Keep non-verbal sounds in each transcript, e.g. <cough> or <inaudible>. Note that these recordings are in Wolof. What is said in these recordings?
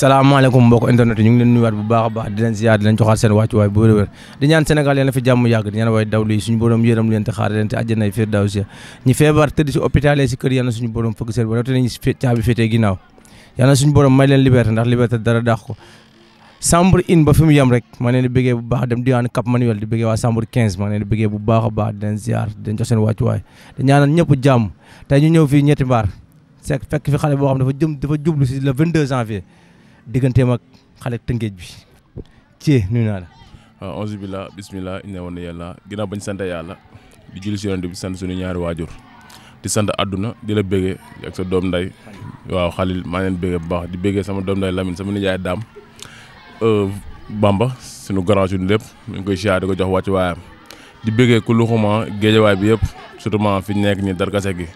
salaamaaleykum mbokk internet yi ñu ngi leen nuyuwaat bu baax a baax di leen ziar di leen seen wàccuwaay bu wér-wér di ñaan Sénégal a fi jàmm yàgg di ñaan waay dawlu yi suñu borom yërëm leen te xaar leen ñu caabi in fi ñetti mbaar fekk fi xale boo xam dafa jublu si le 22 janvier digganteem ak xale tëngeej bi ci ñu naa la. waaw ah, onze billah bismillah inna wa yàlla ginnaaw bañ sant yàlla di julli si yonent bi sant suñu ñaari waajur di sant àdduna di la béggee ak sa doom nday waaw xalil maa leen béggee bu baax di béggee sama doom nday Lamine sama nijaay daam euh, Bamba suñu grand suñu lépp mu ngi koy siyaar di ko jox wàccu waayam di béggee ku luxuma géejawaay bi yëpp surtout fi ñu nekk nii darkase gi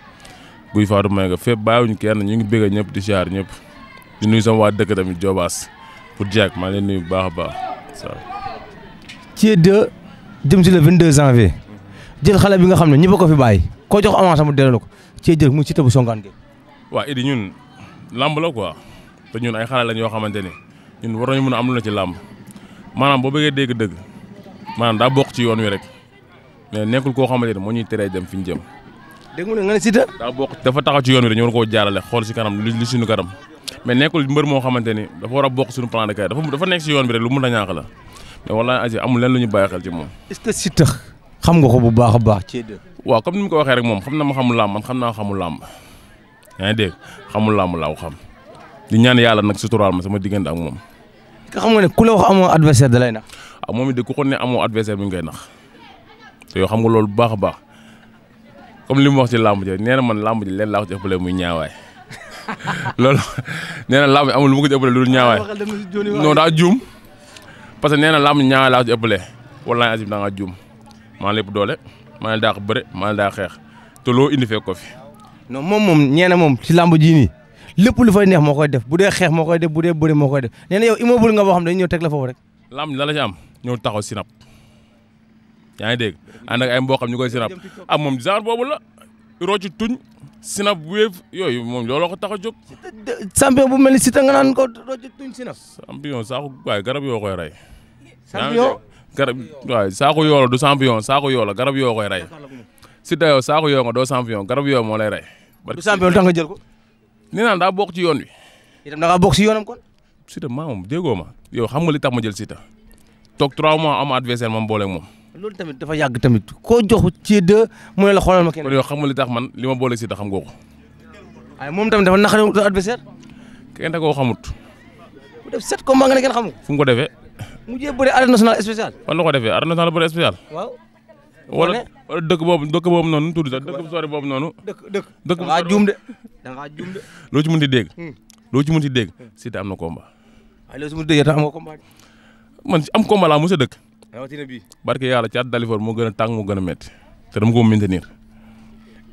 guy faatu may nga fépp bàyyiwuñ kenn ñu ngi béggee ñëpp di siyaar ñëpp di nuyu sama waa dëkk tamit joobaas pour Diak maa leen nuyu bu baax a baax ça. ci si le 22 janvier jël xale bi nga xam ne ñëpp ko fi bàyyi koo jox avance mu delloo ko ci jël mu Siteu bu Songuane gi. waa Idi ñun lamb la te ñun ay xale yoo xamante ni ñun war nañu a am lu ci lamb maanaam boo bëggee dégg-dëgg maanaam daa bokk ci yoon wi rek mais nekkul koo xamante ni moo ñuy teree dem fi ñu jëm. dégg nga ne nga ne daa bokk dafa taxaw ci yoon wi rek ñu war koo jaarale xool si kanam li li suñu kanam. mais nekkul mbër moo xamante ni dafa war bokk suñu plan de carrière dafa dafa nekk si yoon bi rek lu mën a ñaax la mais wallaahi leen lu ñu bàyyi xel ci moom. est que Siteu xam nga ko bu baax a baax ci deux. waaw comme ni mu ko waxee rek moom xam na ma xamul làmb man xam naa xamul làmb yaa ngi dégg xamul làmb laaw xam di ñaan yàlla nag suturaal ma sama diggante ak moom. ka xam nga ne ku la wax amoo adversaire da lay nax. ah moom it de ku ko ne adversaire mi koy nax te yow xam nga loolu bu baax a baax comme li mu wax ci làmb ji nee na man làmb ji leen laa ko ci ëppalee ñaawaay loolu nee na làmb amul lu ma ko ci ëppale lu dul ñaawaay non daa juum parce que nee na làmb ñaawaay laa ko ci ëppale wallaahi azim daa ngaa juum maa lépp doole maa daa ko bëre maa daa xeex te loo indi fekk ko fi. non moom moom ñee na moom ci làmb ji nii lépp lu fay neex moo koy def bu dee xeex moo koy def bu dee bëri moo koy def nee na yow nga boo xam ne dañu ñëw teg la foofu rek. làmb la la ci am ñëw taxaw sinap yaa ngi dégg ànd ak ay mbokam ñu koy sinap ak ah, moom genre boobu la rocci tuñ Sinap Wave yooyu moom looloo ko tax a jóg. champion bu mel ni Siteu nga naan ko doo jot tuñ Sinap. champion saako waaye garab yoo koy rey. champion garab waaye saako yoo du champion saako yoo garab yoo koy rey. Siteu yow saako yooko nga doo champion garab yoo moo lay rey. du champion tax nga jël ko. nee naa daa bokk ci yoon wi. itam da ngaa bokk ci yoonam kon. Siteu maa moom ma yow xam nga li tax ma jël Siteu toog 3 mois am adversaire moom boole moom. loolu tamit dafa yàgg tamit koo jox ci deux mu la xoolal ma kenn. xam nga li tax man li ma boole si da xam nga ko. waaye moom tamit dafa naqare wutal adversaire. kenn da koo xamut. mu def sept combats nga ne kenn xamul. fu mu ko defee. mu jéem bëri arène nationale spéciale. fan la ko defee arène nationale bëri spéciale. waaw. wala wala boobu dëkk boobu noonu tudd sax dëkk bu sori boobu noonu. dëkk dëkk da ngaa juum de da ngaa juum loo ci mën di dégg. Hmm. loo ci mën di dégg. na combat. waaye loo ci mën di dégg yow tam am nga combat. man am combat laa mos a dëkk rawatina bi barke yàlla caatu Dalifor moo gën a tàng moo gën a métti te dama ko maintenir.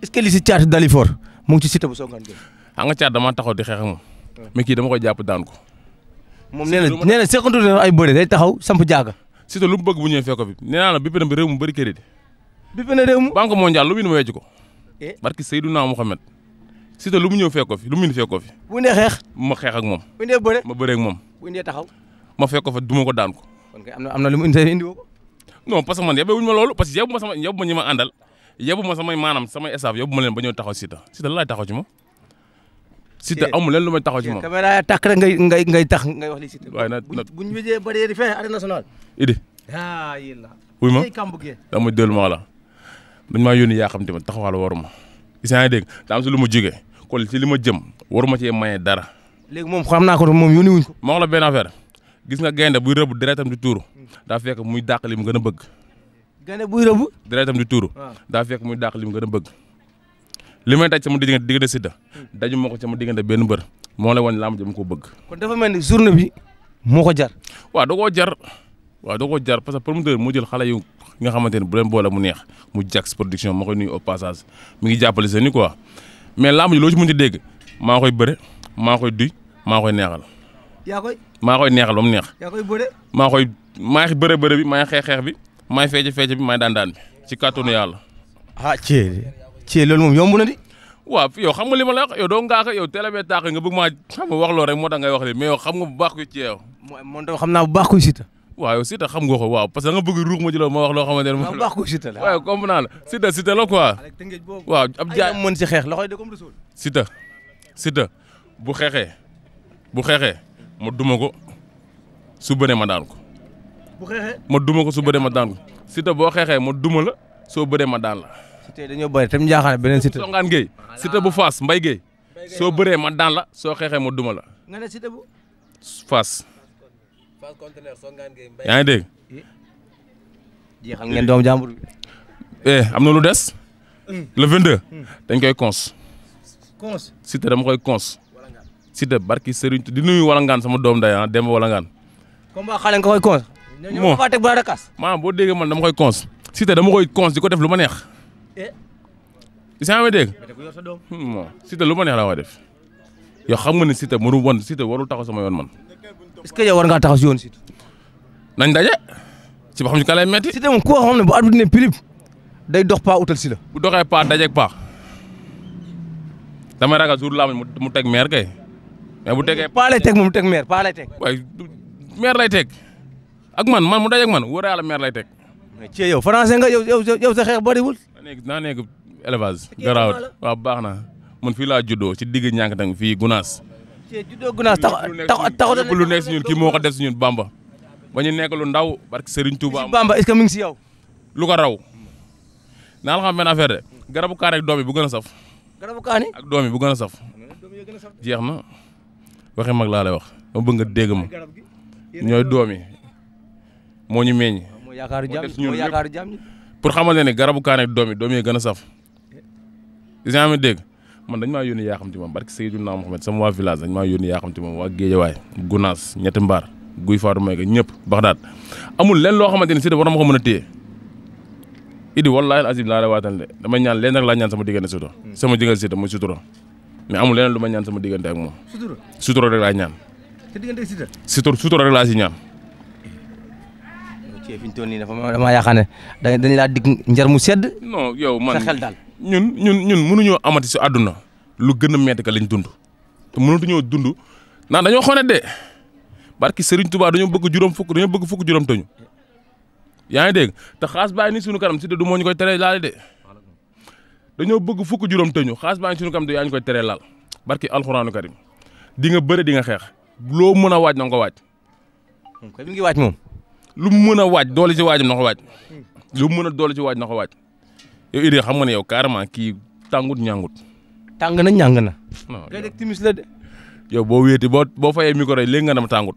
est-ce que li si caatu Dalifor mu ngi ci Siteu bu Songane jël. xam nga caat damaa taxaw di xeex moom. mais kii dama koy jàpp daan ko. moom nee na nee na seqantu na ay bëre day taxaw samp jaaga. Siteu lu mu bëgg bu ñëwee fekk ko fi nee naa la bépp na bi réew mu bëri crédit. bépp na réew mu banque mondiale lu mu indi ma wecc ko. Eh? barke Seydouna Mohamed. Siteu lu mu ñëw fee ko fi lu mu indi ko fi. bu indee ma xeex ak moom. bu indee bëre ma moom. bu indee taxaw. ma fekk ko fa duma ko daan ko kon kay am na am na lu mu indi indi woo ko non parce que man yebewuñu ma loolu parce que ma sama yebu ma ma samay maanaam samay staff yebu ma leen ba ñëw taxaw Siteu Siteu la laay taxaw ci eh, leen lu may taxaw ci eh, moom caméra tàkk rek ngay ngay ngay tax ngay wax li Siteu waaye nag bu ñu wéjee barrière yi fee ma daa ma dellu maa la dañ maa yónni yaa xam te ma taxawaal waruma gis naa dégg daa si lu ma jógee kon ci li ma jëm ma cee maye dara léegi moom xam naa ko moom yónni wuñ ko ma wax la benn affaire gis nga gaynde buy rëbb deretam di tuuru daa muy dàq mu gën a bëgg. gaynde buy rëbb. deretam di tuuru. Ah. daa fekk muy dàq li mu gën a bëgg. li may daj sama diggante diggante Siteu hmm. daj ma ko sama diggante benn bër moo la woon lamb ji mu bëgg. kon dafa mel ni journée bi moo ko jar. waaw da koo jar waaw da koo jar parce que promoteur moo jël xale yu nga xamante ne bu leen boole mu neex mu jax production ma koy nuyu passage mu ngi jàppale seen i quoi mais lamb ji loo ci mën dégg maa koy bëre maa koy duy maa koy neexal. yaa maa koy neexal ba mu neex. yaa maa koy maa ngi bëre bëre bi maa ngi xeex xeex bi maa ngi feeje feeje bi maa ngi daan daan bi ci kàttanu yàlla. ah Thiel Thiel loolu moom yomb na di. waaw yow xam li ma la wax yow doo ngaaka yow teel bee taax nga bëgg maa xam nga wax loolu rek moo tax ngay wax li mais yow xam nga bu baax kuy ci yow. moom xam naa bu baax kuy Siteu. waaw xam nga ko waaw parce que da nga bëgg ruux ma jëloon ma wax loo xamante ne. waaw bu baax la waaw comme naa si bu xeexee bu xeexee ma duma ko su bëree ma daan ko. bu duma ko su bëree ma daan ko boo xeexee ma duma la soo bëree ma daan la. te dañoo bëri tam jaaxaan beneen Siteu. Songaan Gueye bu Fass Mbaye Gueye soo bëree ma daan la soo xeexee ma duma la. nga ne Siteu bu. Fass. yaa ngi dégg. Eh, am na des. le 22. Hmm. dañ koy cons. cons Siteu dama koy cons. Siteu barki Serigne di nuyu walangaan sama doom day ah dem walangaan. comme koy cons. ñoo boo déggee man dama koy cons. Siteu dama koy cons di ko def lu ma neex. Eh. si ma dégg. bon hmm, Siteu lu ma neex la koy def. yow xam nga ne Siteu mënu woon Siteu warul taxaw sama yoon man. est que yow war ngaa taxaw si yoon nañ daje. si ba xam si kan metti. Siteu moom ku xam ne bu at ne prib day dox paa utal si la. bu doxee paa dajeeg paa. damay ragal mu teg meer kay. mais bu tegee paa lay teg moom teg meer paa lay teg. waaye meer lay tek ak man man mu dajeeg man wóor yàlla meer lay teg. mais ci yow français nga yow yow sa xeex bariwul. naa nekk naa nekk élevage. garaawat waaw baax na man fii laa juddoo ci digg ñàkk tang fii Gunaas. ci juddoo Gunaas tax tax lu nekk si ñun kii moo ko def si ñun Bamba. ba ñu nekk lu ndaw barke Serigne Touba. si Bamba est-ce ngi si yow. lu ko raw naa la xam benn affaire de garabu kaan ak doom yi bu gën a saf. ak doom yi a saf. jeex na. waxi mag laa lay wax ma bëgg nga dégg ma ñooy doom yi moo ñu meññ. moo yaakaar jàmm pour xamal ne garabu kaane doom yi doom yi gën a saf. is naa dégg man dañ maa yónni yaa xam ci moom barki Seydina Mohamed sama waa village dañ maa yónni yaa xam ci moom waa Géejawaay Gunaas ñetti mbaar guy Fatou Mbengue ñëpp Baxdaad amul leen loo xamante ni si war na ma mën a téye. Idi wallaahi al azim waatal de dama ñaan leen rek laa ñaan sama diggante Siteu hmm. sama diggante mais amul leneen lu ma ñaan sama diggante ak moom. sutura sutura rek laa ñaan. sa diggante ak Siteu. sutura sutura rek laa si ñaan. ci fi ñu toll nii dafa dañ laa dig njar mu sedd. non yow man sa xel daal ñun ñun ñun mënuñoo amati si àdduna lu gën a métti ka lañ dund. te mënatuñoo dund naan dañoo xone de barki Serigne Touba dañoo bëgg juróom fukk dañoo bëgg fukk juróom tëñu yaa ngi dégg te xaas bàyyi ni sunu kanam Siteu du moo ñu tere laale de. dañoo bëgg fukk juróom tëñu xaalis baa ngi suñu kam te yaa ñu koy teree laal barki alxuraanu karim di nga bëri di nga xeex loo mën a waaj na ko waaj. kon mi ngi waaj moom. lu mu mën a waaj doole ci waajam na ko waaj. lu mu mën a doole ci waaj na ko waaj. yow Idy xam nga ne yow carrément kii tàngut ñàngut. tàng na ñàng na. non léeg-léeg timis la yow boo wéeti boo boo fayee micro yi léegi nga dem tàngut.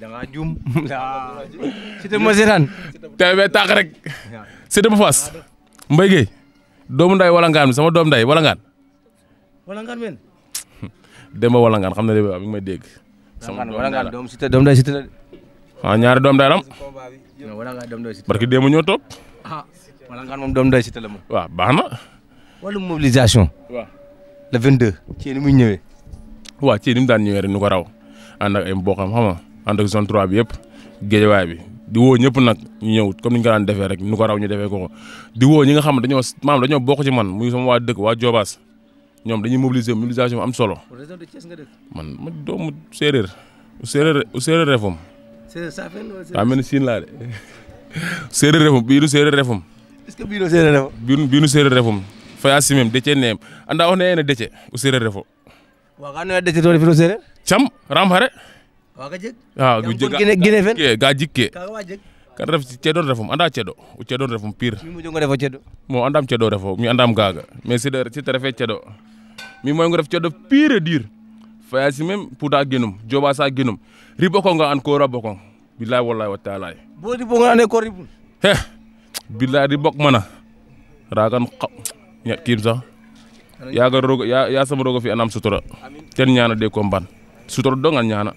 da ngaa juum. Ah. <laughs> ma seetaan. tey bee tàq rek. si te ma faas. Mbaye doomu nday wala ngaan sama doom nday wala ngaan. wala ngaan men. <laughs> Demba wala ngaan xam na ne bi ngi may dégg. sama wala ngaan doom Siteu doom nday Siteu ah, ñaari doom nday lam. wala ngaan doom nday Siteu. parce que démb ñoo toog. ah wala ngaan la moom. waaw baax na. wàllu mobilisation. waaw le 22. ci ni muy ñëwee. waaw ci ni mu daan ñëwee rek ñu ko raw ànd ak ay mbokkam xam nga ànd ak zone bi yëpp géejawaay bi. di woo ñëpp nag ñu ñëw comme ni ñu ko daan defee rek nu ko raw ñu defee ko ko di woo ñi nga xam ne dañoo maam dañoo bokk ci man muy sama am solo. man ma doomu séeréer séeréer séeréer refum. séeréer saafeen wala séeréer daa mel ni siin laa refum bii du refum. est-ce refum. bii bii du neem anda wax ne ene dece u séeréer refo. cam ram xare ah gine ah, ga jikke kada ref ceeɗo refum anda ceeɗo o ceeɗo refum pire mo andam ceeɗo refo mi andam gaga mais site refe ceeɗo mi moygo ref ceeɗo pire dire fayasi même puda genum joɓa sa genum riɓokonga an kora bokon bilahi wallahi wa taala bo riɓoga ane ko riɓum he bilahi riɓok mana ragan qaw ñaɗ kiim sax yaga roga yasam roga fi anam sutora ten ñana de ko mban sutora dongan ñana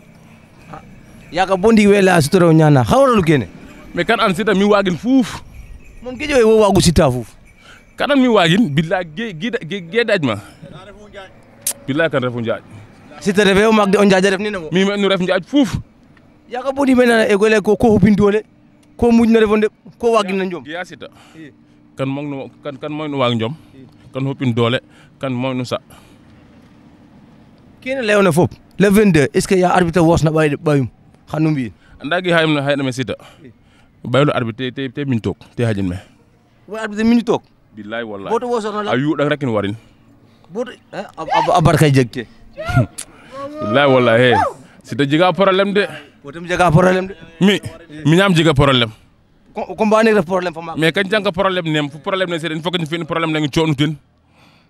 yaga bondi wela sutoro nyana hawralu kene mais kan an sita mi wagin fuuf mon gejo wo wagu sita fuuf kan mi wagin billa ge ge ge daj ma billa kan refu njaaj sita refe o magde on njaaja ref ni namo mi men ref njaaj fuuf yaga bondi mena e gole ko ko hubin dole ko mujna refo de ko wagin na njom ya sita kan mogno kan kan moyno wag njom kan hubin dole kan moyno sa kene lewna fop le 22 est ce que ya arbitre wosna ɓayde hanum wi andagi hayim no haydame sita baylo arbitre te te min tok te hajin me wo arbitre min tok billahi wallahi la ayu dak rakin warin eh, eh. mi mi ñam jiga problème combat ne def problème fa ma mais kan jang problème nem fu problème ne seen fokk ñu fi problème ngi coonutin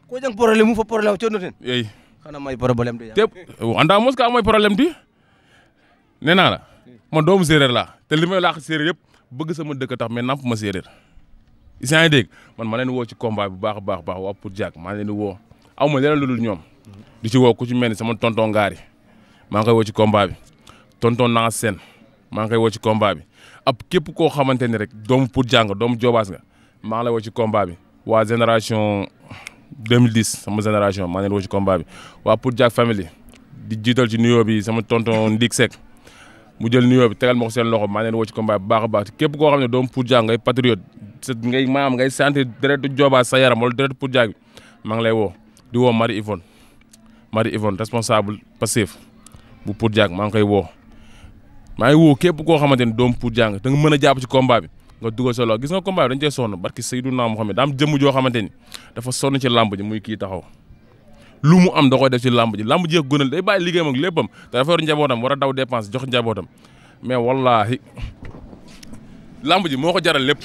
ko jang problème mu fa problème coonutin yeey xana mos ka may problème di nee naa la man doomu séeréer laa te li may laax séeréer yëpp bëgg sama dëkk tax mais namp ma séeréer. is naa dégg man ma leen woo ci combat bu baax a baax baax waa pour Diak maa leen woo aw ma leneen lu ñoom. di si woo ku ci mel ni sama tonton Ngari maa ngi koy woo ci combat bi tonton Nanga seen maa ngi koy woo ci combat bi ab képp koo xamante ni rek doomu pour jàng doomu joobaas nga maa ngi lay woo ci combat bi waa génération 2010 sama génération maa leen woo ci combat bi waa pour Diak family di jiital ci nuyoo bi sama tonton Ndik Seck mu jël niyoo bi tegal ma ko seen loxo maa leen woo ci combat baax a baax képp koo xam ne doomu Poutier ngay ngay maam ngay sentir deret Joobaa sa yaram wala deret maa ngi lay woo di woo Marie Yvonne Marie Yvonne responsable Pastef bu Poutier maa ngi koy woo maa ngi woo képp koo xamante ni doomu Poutier nga da nga mën a jàpp ci combat bi nga dugal sa loxo gis nga combat bi dañ cee sonn barki Seydou Naam Mohamed daam joo xamante ni dafa sonn ci làmb ji muy kii taxaw lu mu am da koy def si làmb ji làmb ji ak gënal day bàyyi liggéeyam ak léppam te dafa yor njabootam war a daw dépense jox njabootam mais wallaahi làmb ji moo ko jaral lépp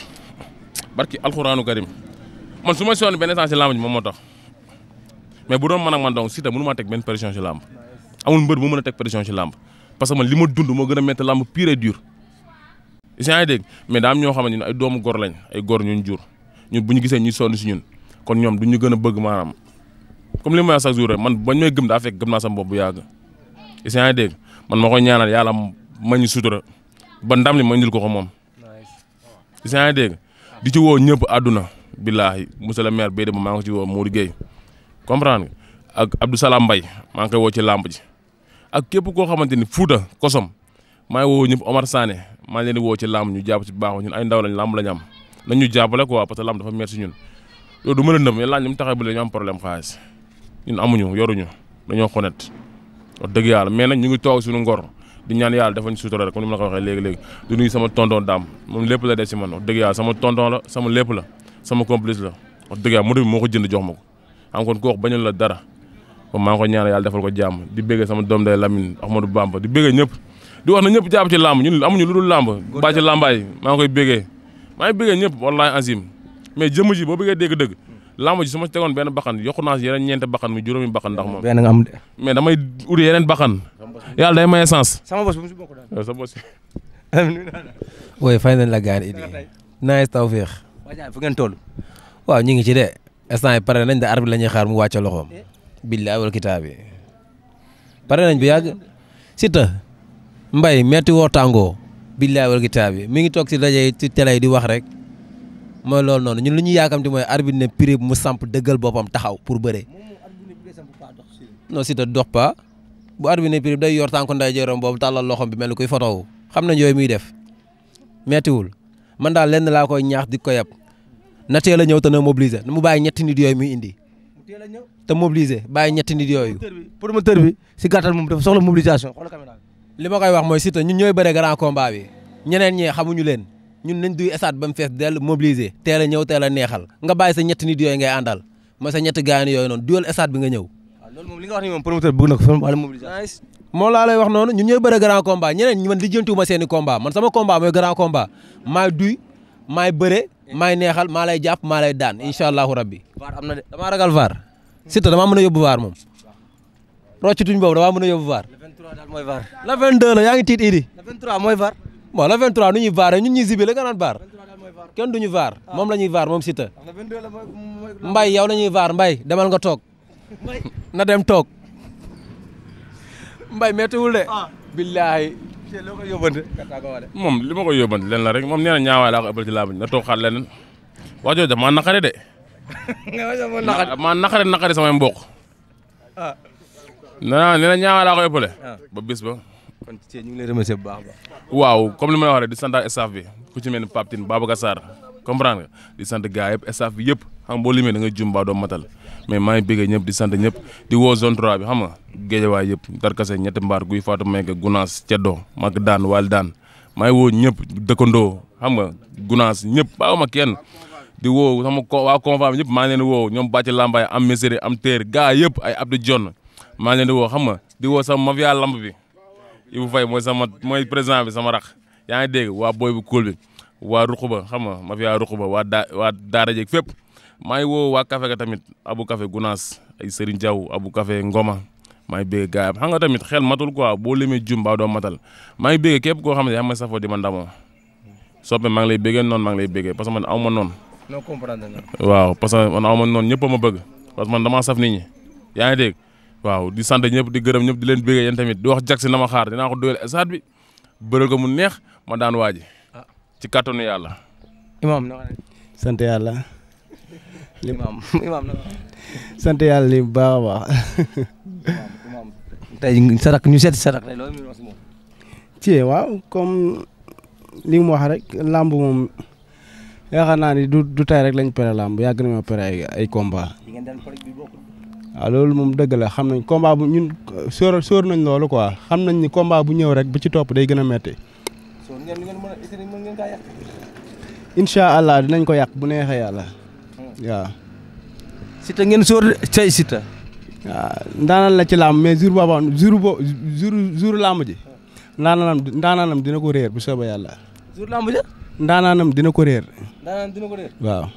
barki alxuraanu karim man su ma sonn benn sens ci làmb ji moom moo tax mais bu doon man ak man donc Siteu mënu maa teg benn pression ci làmb amul mbër mu mën a teg pression ci làmb parce que man li ma dund moo gën a métti làmb pur et dur. yaa ngi dégg mais daam ñoo xam ne ay doomu gor lañ ay gor ñun jur ñun bu ñu gisee ñuy sonn si ñun kon ñoom du ñu gën a bëgg maanaam. comme li ma jour man bañ may gëm daa fekk gëm naa sama bopp bu yàgg si yaa ngi man ma koy ñaanal yàlla ma ñu sutura ba ndam li ma indil ko ko moom si yaa ngi di ci woo ñëpp adduna billaahi monsieur le maire Bédé ba maa ngi ci woo Modou Gueye comprendre nga ak Abdou Salam Mbaye maa ngi woo ci làmb ji ak képp koo xamante ni Fouta Kosom maa ngi woo ñëpp Omar Sané maa ngi leen di woo ci làmb ñu jàpp ci baaxu ñun ay ndaw lañ làmb lañ am nañ ñu jàppale quoi parce que làmb dafa metti si ñun loolu am problème xaalis ñun amuñu yoruñu dañoo xonet wax dëgg yàlla mais nag ñu ngi toog suñu ngor di ñaan yàlla dafa ñu sutura rek comme ni ma la ko waxee léegi-léegi du nuyu sama tonton daam moom lépp la def si man wax dëgg yàlla sama tonton la sama lépp la sama complice la wax dëgg yàlla moto bi moo ko jënd jox ma ko am kon ko wax bañal la dara kon maa ngi ko ñaanal yàlla defal ko jàmm di béggee sama doom day Lamine Ahmadou Bamba di béggee ñëpp di wax na ñëpp jàpp ci làmb ñun amuñu lu dul làmb baa ci maa ngi koy béggee maa ngi béggee ñëpp wallahi azim mais jëmm ji boo bëggee dégg-dëgg làmb ji ma ci tegoon benn baxan yokku naa si yeneen ñeenti baxan mu juróomi baxan ndax moom. benn nga am de. mais damay uri yeneen baxan yàlla day maye sens. sama fay nañ la gaar idi naaj taw féex. waaw fu ngeen toll. waaw ñu ngi ci de instant pare nañ de arbitre la xaar mu wàcce loxoom. Eh? billahi wal kitaabi pare nañ bi yàgg Siteu mbay metti woo tàngoo billahi wal kitaabi mi ngi toog si rajo ci télé yi di wax rek. mooy loolu noonu ñun li ñuy di mooy arbitre ne prix mu samp dëggal boppam taxaw pour bëree. non si te dox pas bu arbitre ne prix day yor tànku nday jëroom boobu tàllal loxom bi mel ni kuy fotowu xam na ñooy muy def mettiwul man daal lenn laa koy ñaax di ko yab na teel a ñëw te na nu mu bàyyi ñetti nit yooyu muy indi. te mobiliser bàyyi ñetti nit yooyu. promoteur bi si gàttal moom dafa soxla mobilisation. li ma koy wax mooy si ñu ñun ñooy bëre grand combat bi ñeneen ñi xamuñu leen. ñun nañ duy esaat ba mu fees dell mobiliser a ñëw teel a neexal nga bàyyi sa ñetti nit yooyu ngay àndal mooy sa ñetti gaani yooyu noonu duyal esaat bi nga ñëw. waaw na ko laa lay wax noonu ñun ñooy bëre grand combat ñeneen man lijjantiwuma seen i combat man sama combat mooy grand combat maay duy maay bëre maay neexal maa lay jàpp maa lay daan incha allahu rabbi. vaar na de damaa ragal vaar. Siteu damaa mën a yóbbu vaar moom. roccituñ boobu damaa mën a yóbbu vaar. la yaa ngi bon la 23 nu ñuy vaaree ñun ñuy zibilé nga naan vaar kenn du ñu vaar ah. moom la ñuy vaar moom Siteu mbay yow la ñuy vaar mbay demal nga toog na dem toog mbay méttiwul de. Ah. billaahi. moom li ma koy yóbbante leen la rek moom nee na ñaawaay laa ko ëppal ci laa bañ na toog xaar leneen wax jooju daf maa de. <laughs> maa naqare ah. laa ko ëppale. ba bis ba. kon ci ñu ngi lay waaw comme li ma la wax rek di sant ak staff bi ku ci mel ni Pape Tine Babacar Sarr comprendre di sant gars yëpp staff bi yëpp xam boo limee da nga jumbaa doo matal mais maa ngi bëggee ñëpp di sant ñëpp di woo zone bi xam nga géejawaay yëpp tarkase ñetti mbaar guy faatu mayka gunaas ceddo mag daan wal daan maa ngi woo ñëpp dëkkandoo xam nga gunaas ñëpp ma kenn di woo sama waa confam ñëpp maa ngi leen woo ñoom bàcc lambaay am meseri am téer gars yëpp ay Abdou John maa ngi leen di xam nga di woo sama mafia lamb bi Ibou Faye mooy sama mooy président bi sama rax yaa ngi dégg waa booy bu kóol bi waa Ruquba xam ma fi waa Ruquba waa daa waa Daara jeeg fépp maa ngi woo waa Café ga tamit Abu Café Gunaas ay Serigne Diaw Abu Café Ngoma maa ngi bëgg gaa xam nga tamit xel matul ko boo limee jum baa doo matal maa ngi bëgg képp koo xam ne yaa safoo di ma ndamoo soppe maa ngi lay bëggee noonu maa ngi lay bëggee parce que man aw ma noonu. non comprendre ma noonu a ma bëgg parce que saf nit ñi yaa ngi dégg waaw di sant ñëpp di gërëm ñëpp di leen béggee yéen tamit di wax Jackson na ma xaar dinaa ko a esaat bi bëral ko mu neex ma daan waaji ci kàttanu yàlla. imaam na sant yàlla <laughs> imaam imaam na sant yàlla li baax a baax. <laughs> tey sarak ñu set sarak tey loolu wax si moom. ci waaw comme li mu wax rek làmb moom yaakaar naa ni du du tey rek lañ pere làmb yàgg ma pere ay ay waaw loolu moom dëgg la xam nañ combat bu ñun sóor sóor nañ loolu quoi xam nañ ni combat bu ñëw rek bu ci topp day gën a metti. sóor allah dinañ ko yàq bu neexee yàlla waaw. Siteu ngeen sóor say Siteu. waaw ndaanaan la ci làmb mais jour boobu jour bo jour jour làmb ji. ndaanaanam ndaanaanam dina ko réer bu soobee yàlla. jour làmb ndaanaanam dina ko réer. waaw.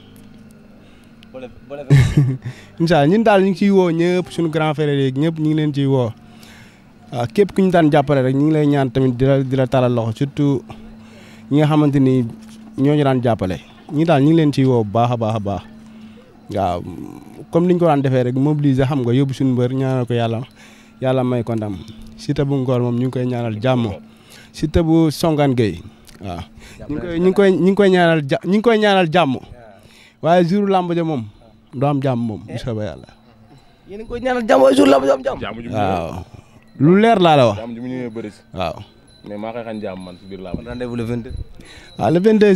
<laughs> incha allah ñun daal ñu ngi ciy woo ñëpp suñu grand frère yeeg ñëpp ñu ngi leen ciy woo waaw ah, képp ku ñu daan jàppale rek ñu ngi lay ñaan tamit di la di la talal loxo surtout ñi nga xamante ni ñoo ñu daan jàppale ñi daal ñu ngi leen ciy woo bu baax a baax a baax waaw comme ni ñu ko daan defee rek mobiliser xam nga yóbbu suñu mbër ñaanal ko yàlla yàlla may ko ndam bu Ngor moom ñu ngi koy ñaanal jàmm Siteu bu Songane Gueye waaw ñu ñu ngi koy ñu ngi koy ñaanal ja ñu ngi koy ñaanal jàmm. waaye jour làmb ja moom du am jàmm moom bu eh. soobee yàlla. waaye jour làmb ja lu leer laa la wax. jàmm ji mu ñëwee bëri si. waaw. mais maa koy xañ jàmm man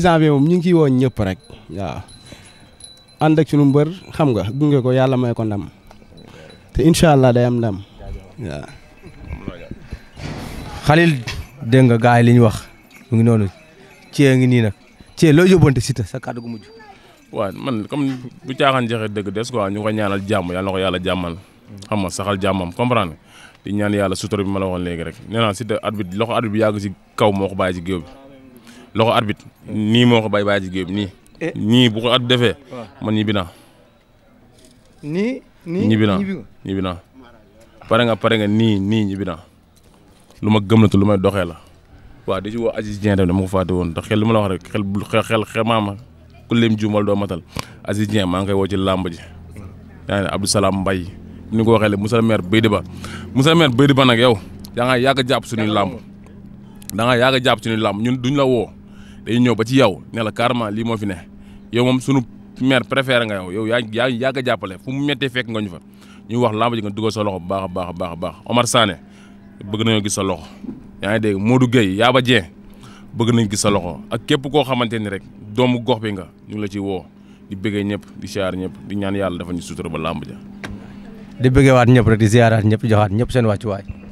si moom ñu ngi ciy woo ñëpp rek waaw. ànd ak sunu mbër xam nga gunge ko yàlla may ko ndam te incha allah day am ndam waaw. Khalil dégg nga gars yi li ñu wax mu ngi noonu Thiè ngi nii nag Thiè loo yóbbante Siteu sa waaw man comme bu caaxaan jeexee dëgg des quoi ñu ko ñaanal jàmm yàlla na ko yàlla jàmmal. xam nga saxal jàmmam comprendre di ñaan yàlla sutura bi ma la léegi rek nee naa Siteu loxo arbitre bi yàgg si kaw moo ko bàyyi ci géew loxo arbitre nii moo ko bàyyi bàyyi ci nii. Eh. nii bu ko at defee. man ñibbi naa. nii nii ñibbi nii nii ñibbi naa lu ma gëm la te lu may doxee la. waaw di ci woo Aziz woon te xel li ma la wax rek xel xel xel ku lim juumal doo matal Aziz Dieng maa ngi koy woo ci làmb ji yaa ngi ne Abdou Salam Mbaye ni ko waxee léegi Moussa maire Béy Diba Moussa maire Béy Diba nag yow da ngaa yàgg a jàpp suñuy làmb da ngaa yàgg a jàpp suñuy làmb ñun duñ la wo dañuy ñëw ba ci yow ne la carrément lii moo fi ne yow moom suñu maire préféré nga yow yow yaa yaa yàgg a jàppale fu mu méttee fekk nga ñu fa ñuy wax làmb ji nga dugal sa baax a baax baax Omar Sané bëgg nañoo gis sa loxo yaa ngi dégg Modou Gueye Yaba bëgg nañu gis sa loxo ak képp koo xamante ni rek doomu gox bi nga ñu la ci woo di bëggee ñëpp di siyaar ñëpp di ñaan yàlla dafa ñu sutura ba làmb di bëggee waat ñëpp di siyaaraat ñëpp joxaat ñëpp seen wàccuwaay